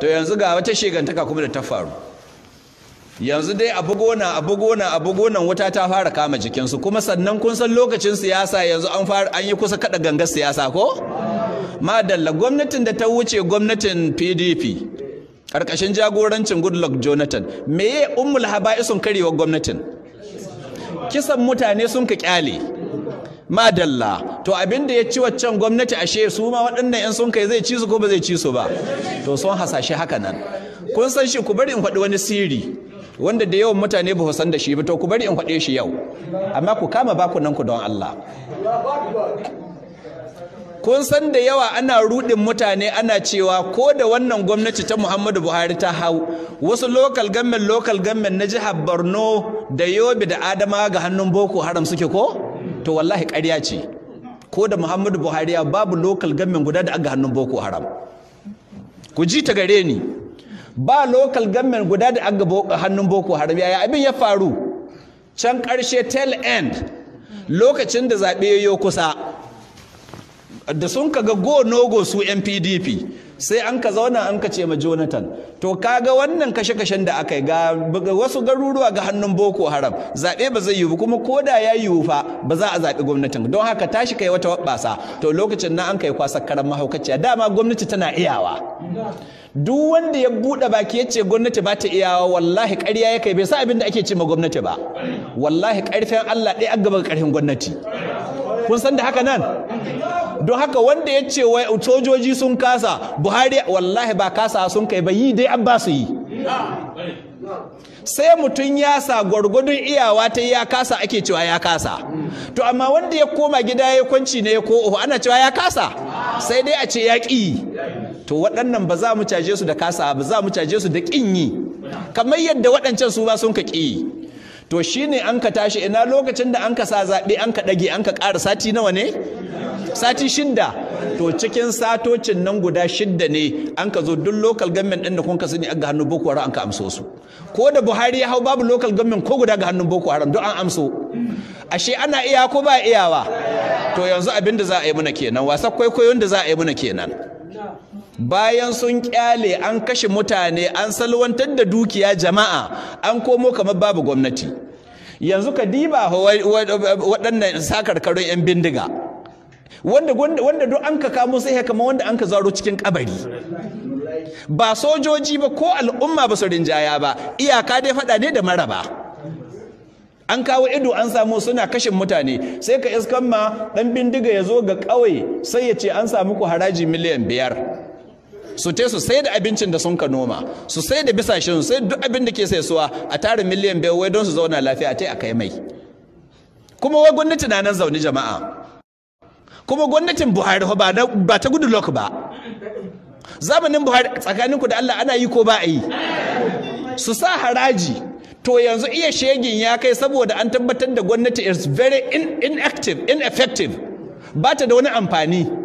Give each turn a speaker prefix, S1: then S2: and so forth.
S1: to yanzu ga wata shigantaka kuma da ta faru yanzu dai a gona a gona a wuta ta fara kama jikinsu kuma sannan kun san lokacin siyasa yanzu an fara an yi kusa kada gangar siyasa ko madalla gwamnatin da ta wuce gwamnatin PDP karkashin jagorancin Goodluck Jonathan meye ummul haba'isun karewa gwamnatin kisan mutane sun ka kyale madalla to abin da ya ci waccan gwamnati ashe su ma waɗannan yan sun kai zai ci su ko ba zai ci su ba to sun hasashe haka nan kun san shi ku bari in faɗi wani sirri wanda da yawan mutane ba san da shi ba to ku bari in faɗe shi yau amma ku kama nan ku don Allah kun san da yawa ana rudin mutane ana cewa ko da wannan gwamnati ta Muhammadu Buhari ta hau wasu local government local government na jihar Borno da Yobe da Adamawa ga hannun Boko Haram suke ko to wallahi ƙarya ce ko da muhammadu buhari babu lokal government guda da aga hannun boko haram ku ji ta gare ni ba lokal government guda da aga hannun boko haram yaya abin ya faru can karshe tail end lokacin da zaɓe ya kusa da sun kaga go no go su yan sai an ka zauna an ka ce ma jonathan to kaga wannan kashe-kashen da aka yi ga wasu garuruwa ga hannun boko haram zaɓe ba zai yiwu kuma ko da ya yiwu fa ba za a zaɓi gwamnatin don haka tashi kai wata wabasa to lokacin na an kai kwasa karan mahaukaciya dama gwamnati tana iyawa duk wanda ya buɗe baki ya ce gwamnati ba ta iyawa wallahi ƙarya ya kai bai sa abin da ake ce ma gwamnati ba wallahi ƙarfin allah ɗaya an gaba ƙarfin gwamnati kun san da haka nan don haka wanda ya ce wai sojoji sun kasa buhari wallahi ba kasa sun kai ba yi dai an ba yi sai mutum ya sa gwargwadon iyawa ta ya kasa ake cewa ya kasa to amma wanda ya koma gida ya kwanci ne ko oho ana cewa ya kasa sai dai a ce ya ƙi to waɗannan ba za mu caje su da kasa ba za mu caje su da ƙin yi kamar yadda waɗancan su ba sun ka ƙi yi. to shi ne an ka tashi ina lokacin da an ka sa zaɓe an ka ɗage an ka ƙara sati nawa ne sati shidda to cikin satocin nan guda shidda ne an ka zo duk local government ɗin da kun ka sani an ga hannun boko haram an ka amso su ko da buhari ya hau babu local government ko guda ga hannun boko haram duk an amso ashe ana iya ko ba iyawa to yanzu abin da za a yi muna kenan wasa kwaikwayon da za a yi muna kenan bayan sun kyale an kashe mutane an salwantar da dukiya jama'a an komo kamar babu gwamnati yanzu ka diba waɗannan sakarkarun 'yan bindiga wanda duk an ka kamo sai ya kama wanda an ka zaro cikin kabari ba sojoji ba ko al'umma ba su rinjaya ba iyaka dai faɗa ne da maraba an kawo ido an samu suna kashin mutane sai ka iskan ma ɗan bindiga ya zo ga ƙauye sai ya ce an samu ku haraji miliyan biyar su te su sai da abincin da sun ka noma su sai da bisashen su sai duk abin da ke sai suwa a tara miliyan biyar wai don su zauna lafiya a tai a kai mai kuma wai gwamnati na nan zaune jama'a kuma gwamnatin Buhari ba ba ta gudu lok ba zamanin Buhari tsakanin ku da Allah ana yi ko ba a yi su sa haraji to yanzu iya shegin ya kai saboda an tabbatar da gwamnati is very inactive ineffective ba ta da wani amfani